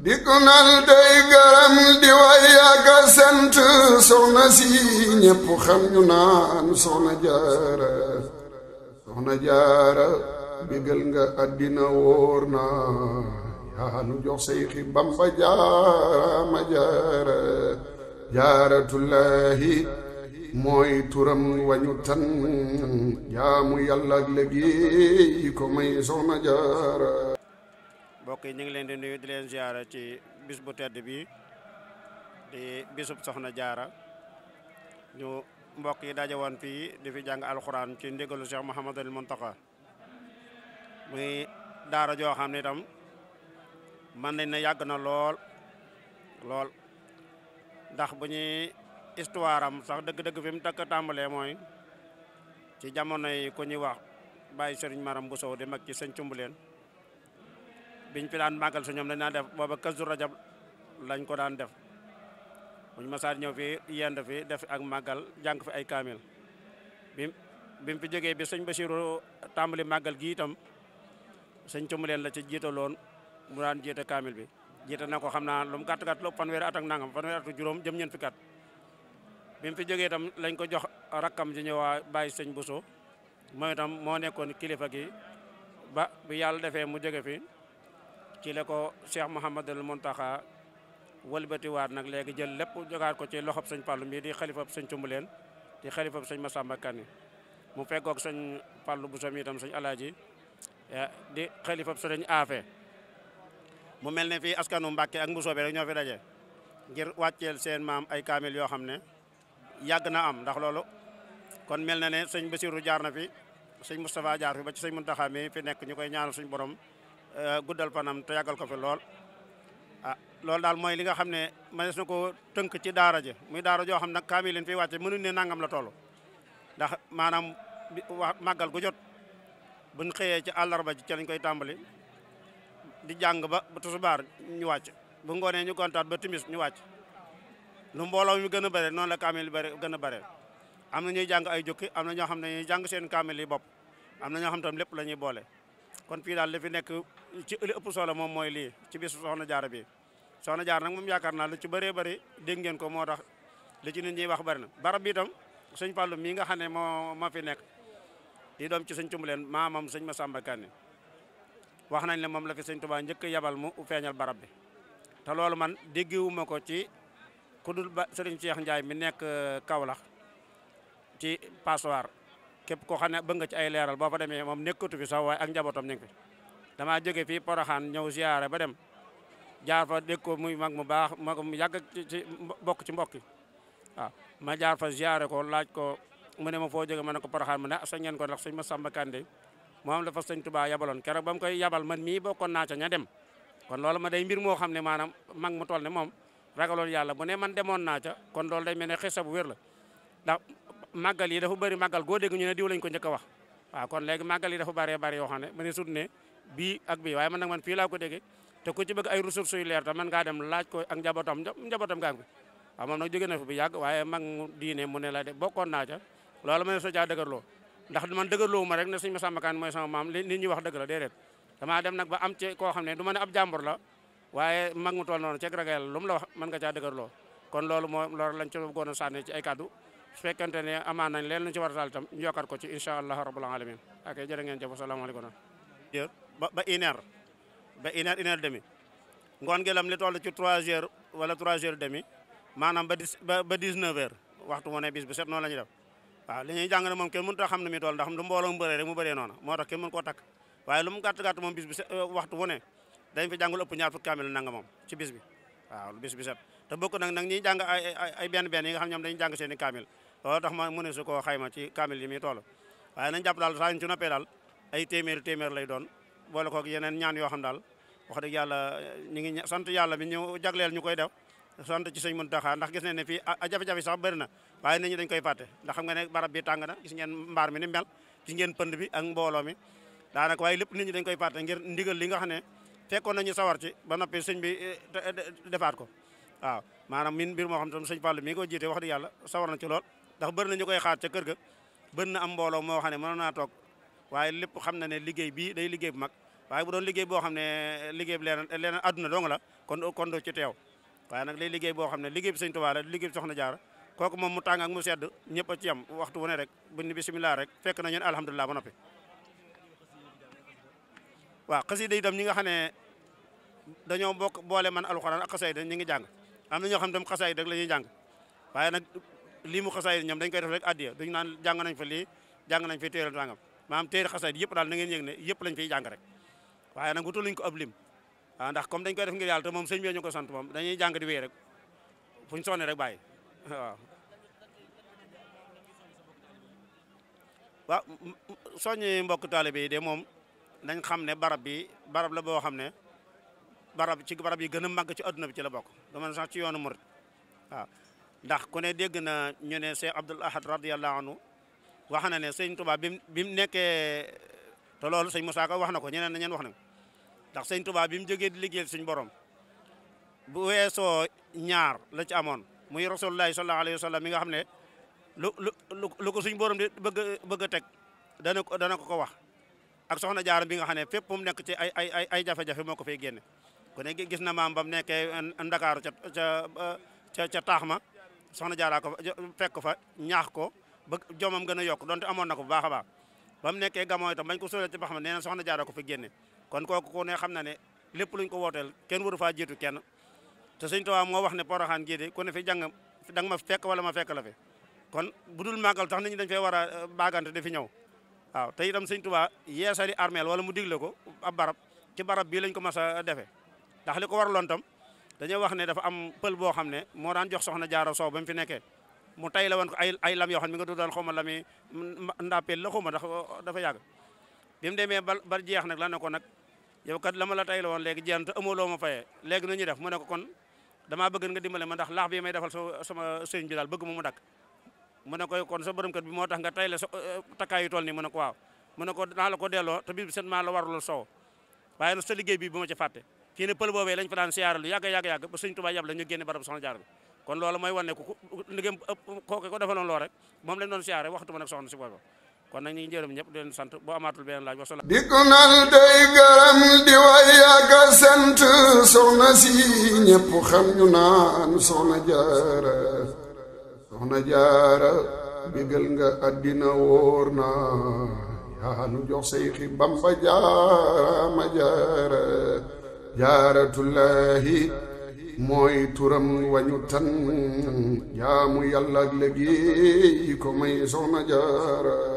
di gunal day garam di way ak sant soxna si ñépp xam ñu naan soxna jaara soxna jaara bégal nga àddina wóor na yaa nu jox say xi bamba jaara ma jaara jaaratullaahi mooy turam wañu tan jaamu yàlla ak léegi may soxna jaara mbokk yi ñu ngi leen di nuyu di leen ziara ci bis bu tedd bi di bisub soxna jaara ñu mbokk yi daje woon fii di fi jàng alxuraan ci ndigalu Cheikh Mouhamadul Mountakha muy daara joo xam ne itam mën nañ ne yàgg na lool lool ndax bu ñuy histoire am sax dëgg-dëgg fi mu takk tàmbalee mooy ci jamono yi ku ñuy wax bàyyi Serigne Maram Bousso di mag ci sëñ Cumbuleen biñ fi daan màggal su ñoom dañ naa def booba kazu rajab lañ ko daan def buñ masaar ñëw fi yend fi def ak màggal jàng fi ay kaamil bi bi mu fi jógee bi sëñ Basiru tàmbali màggal gii itam sëñ Cumbu leen la ci loon mu daan jiite kaamil bi jiite na ko xam naa lu mu gàtt gàtt lu fanweeri at ak nangam fanweeri atu juróom jëm ñeent fukki at bi mu fi jógee itam lañ ko jox rakkam ji ñëwaa bàyyi sëñ Bousso mooy itam moo nekkoon kilifa gi ba bi yàlla defee mu jóge ci la ko Cheikh Mouhamadul Mountakha wëlbatiwaat nag léegi jël lépp jogaat ko ci loxob sëñ Fallou mii di xalifab sëñ leen di xalifab sëñ Massamba Kanni mu feggoog sëñ Fallou bu som itam sëñ Alaaji eh, di xalifab sëñ Afe mu mel ne fii askanu Mbàkke ak Mbusoobe rek ñoo fi daje ngir wàcceel seen maam ay kaamil yoo xam ne yàgg na am ndax loolu kon mel na ne sëñ Basiru jaar na fi sëñ Moustapha jaar fi ba ci sëñ Muntaxa mi fi nekk ñu koy ñaanal suñ borom Euh, guddal fanam te yàggal ko fi lool a ah, loolu daal mooy li nga xam ne mënees na ko tënk ci daara ji muy daara joo xam nag kaamil leen fi wàcce mënuñ ne nangam la toll ndax maanaam wax màggal gu jot buñ xëyee ci àllarba ji ci lañ koy tàmbali di jàng ba ba tusubaar ñu wàcc bu ngoonee ñu kontaat ba timis ñu wàcc lu mbooloo mi gën a bare noonu la kaamil yi bare gën a bare am na ñuy jàng ay jukki am na ñoo xam ne ñuy jàng seen kaamil yi bopp am na ñoo xam tam lépp la ñuy boole kon fii daal li nekk ci ëli ëpp solo moom mooy lii ci bisu soxna jaara bi soxna jaar nag moom yaakaar naa lu ci bëree bëri dégg ngeen ko moo tax li ci nit ñiy wax bëri na barab bi itam sëñ Fallou mii nga xam ne moo ma fi nekk di doom ci sëñ Cumbuleen maamam sëñ Masamba Kanni wax nañ ne moom la fi sëñ Touba njëkk yabal mu feeñal barab bi te loolu man déggiwuma ko ci ku dul ba sëriñ Cheikh Ndiaye mi nekk euh, Kaolack ci passoir képp koo xam ne bëgg nga ci ay leeral boo fa demee moom nekkatu fi sax ak njabootam ñu ngi damaa jóge fii Poroxaan ñëw ziyaare ba dem jaar fa dégg muy mag mu baax mag mu yàgg ci bokk ci mbokk waaw ma jaar fa ziyaare ko laaj ko mu ne ma foo jóge ma ne ko Poroxaan mu ne ah sañ ngeen ko ndax suñ ma Samba Kande moom la fa sëñ Tuubaa yabaloon keroog ba mu koy yabal man mii bokkoon naa ca ña dem kon lool ma day mbir moo xam ne maanaam mag mu toll ne moom ragaloon yàlla bu ne man demoon naa ca kon loolu day mel ne xisa bu wér la ndax màggal yi dafa bëri màggal goo dégg ñu ne diw lañ ko njëkk a bii ak bii waaye man nag man fii laa ko déggee te ku ci bëgg ay ressources yu leer ta man ngaa dem laaj ko ak njabootam njabootam gaa ngi waaw moom nag jóge na fi bu yàgg waaye mag mu diine mu ne la de bokkoon naa ca loolu ma ne soo caa dëgërloo ndax man dëgërloo ma rek ne suñu Masamba Kane mooy sama maam li nit ñi wax dëgg la déedéet damaa dem nag ba am ci koo xam ne du ma ne ab jàmbur la waaye mag mu toll noonu ceeg ragal yàlla lu mu la wax mën nga caa dëgërloo kon loolu moo loolu lañ ci goon a sànni ci ay kàddu su fekkente ne amaan nañ leen lu ci war a daal itam ñu yokkaat ko ci incha allah rabbul alamin ak jërë ngeen jëf asalaamaaleykum ba une heure ba une heure demi ngoon gi lam li toll ci trois heures wala trois heures demi maanaam ba dix ba dix neuf heures waxtu moo ne bis bu set noonu la ñuy def waaw li ñuy jàng ne moom kenn mënut a xam ne mi toll ndax du mbooloo mu bëree rek mu bëree noonu moo tax kenn mën koo takk waaye lu mu gàtt gàtt moom bis set euh, waxtu wu ne dañ fi jàngul ëpp ñaar fukki kaamil nanga moom ci bis bi waaw bis bi set te bokk nag nag ñiy jàng ay ay benn benn yi nga xam ñoom dañuy jàng seen i kaamil loolu tax ma mu ne su koo xayma ci kaamil yi jàpp daal daal ay téeméeri téeméer lay doon boole koog yeneen ñaan yoo xam daal wax dëgg yàlla ñu ngi sant yàlla bi ñu jagleel ñu koy def sant ci sëñ Muntaxa ndax gis ne ne fii jafe-jafe sax bëri na waaye nit ñi dañ koy fàtte ndax xam nga ne barab bi tàng na gis ngeen mbaar mi ni mel gis ngeen pënd bi ak mbooloo mi daanaka waaye lépp nit ñi dañ koy fàtte ngir ndigal li nga xam ne fekkoon nañu sawar ci ba noppi sëñ bi eh, eh, defaat ko waaw maanaam min mbir moo xam tam sëñ Fallu mi ko jiite wax dëgg yàlla sawar na ci lool ndax bëri na ñu koy xaar ca kër ga bëri na am mbooloo moo xam ne mënoon naa toog waaye lépp xam na ne liggéey bii day liggéey bu mag waaye bu doon liggéey boo xam ne liggéey bi leneen leneen adduna dong la kon kon doo ci teew waaye nag lay liggéey boo xam ne liggéey bi sëñ Tuubaa liggéey bi soxna jaara kooku moom mu mu sedd ñëpp ci yam waxtu wu ne rek bu ni bisimilah rek fekk na ñun alhamdulilah ba noppi waaw xasida itam ñi nga xam ne dañoo bokk boole man alxuraan ak xasayda ñi ngi jàng am na ñoo xam ne tam xasaay rek la ñuy jàng waaye nag lii mu xasaay ñoom dañ koy def rek addiya dañ naan jàng nañ fa lii jàng nañ fi téere tàngam maanaam téere xasaayid yëpp daal na ngeen yëg ne yëpp lañ koy jàng rek waaye nag wutu luñ ko ab lim waaw ah, ndax comme dañ koy def ngir yàlla moom sëñ bi ñu ko sant moom dañuy jàng di rek fu ñu sonne rek bàyyi mbokk taalibe de moom dañ xam ne barab bi barab la boo xam ne barab ci barab yi gën a màgg ci adduna bi ci la bokk dama ne sax ci yoonu murit waaw ndax ku ne dégg na ñu ne Cheikh Abdoul Ahad radiyallahu anhu wax na ne sëñ Touba bi mu bi mu nekkee te loolu sëñ Moussa Ka wax na ko ñeneen na ñeen wax na ndax sëñ tubaab bi mu jógee di liggéey suñu borom bu weesoo ñaar la ci amoon muy rasulullahi sallallahu alayhi wa nga xam ne lu ko suñu borom di bëgg bëgg a teg dana ko dana ko ko wax ak soxna jaaram bi nga xam ne fépp mu nekk ci ay ay ay jafe-jafe moo ko fay génne kon ne gis na maam ba mu nekkee Ndakaaru ca ca ca taax ma soxna jaaraa ko fekk fa ñaax ko ba jomam gën a yokk donte amoon na ko bu baax a baax ba mu nekkee gamoo itam bañ ko sóolee ci ba xam ne nee soxna jaara ko fi génne kon kooku ku ne xam na ne lépp luñ ko wooteel kenn waru faa jiitu kenn te sëñ Tuubaa moo wax ne poroxaan gii de kon ne fi jàng da nga ma fekk wala ma fekk la fi kon bu dul màggal tax nit dañ fee war a euh, baagante di fi ñëw waaw te itam sëñ Tuubaa yeesali armeel wala mu digle ko a barab ci barab bii lañ ko mas a defee ndax li ko waraloon tam dañoo wax ne dafa am pël boo xam ne moo daan jox soxna jaara soow ba mu fi nekkee mu tay la woon ko ay ay lam yoo xam ne mi nga du doon xaw ma lami ndappeel la xaw ma ndax dafa yàgg bi mu demee ba ba jeex nag la ne ko nag yow kat la ma la tay la woon léegi jeex te amuloo ma fayee léegi nu ñuy def mu ne ko kon damaa bëgg nga dimbale ma ndax laax bi may defal sa sama sëriñ bi daal bëgg mu mu dakk mu ne moo tax nga tay la so takkaay yu toll ko naa la ko delloo te bi set maa la warul soow waaye nag sa liggéey bi bu ma ci fàtte fii ne pël boobee lañ fa daan siyaaralu yàgg yàgg yàgg ba sëriñ Tuubaa yàb la ñu génne barab soxna jaar bi kon loolu mooy wane ku liggéeyam ko defaloon lool rek moom lañ doon siyaare waxtu ma nag soxna si boobu kon nag ñu ngi jërëm ñëpp di sant boo amaatul beneen laaj wasalaam di ko nal day garam di way sant soxna si ñëpp xam ñu naan soxna jaara soxna jaara bégal nga àddina wóor na yaa jox say xi bamba jaara ma jaara jaaratullahi mooy turam wañu tan jaamu yàlla léegi ko may soxna jaara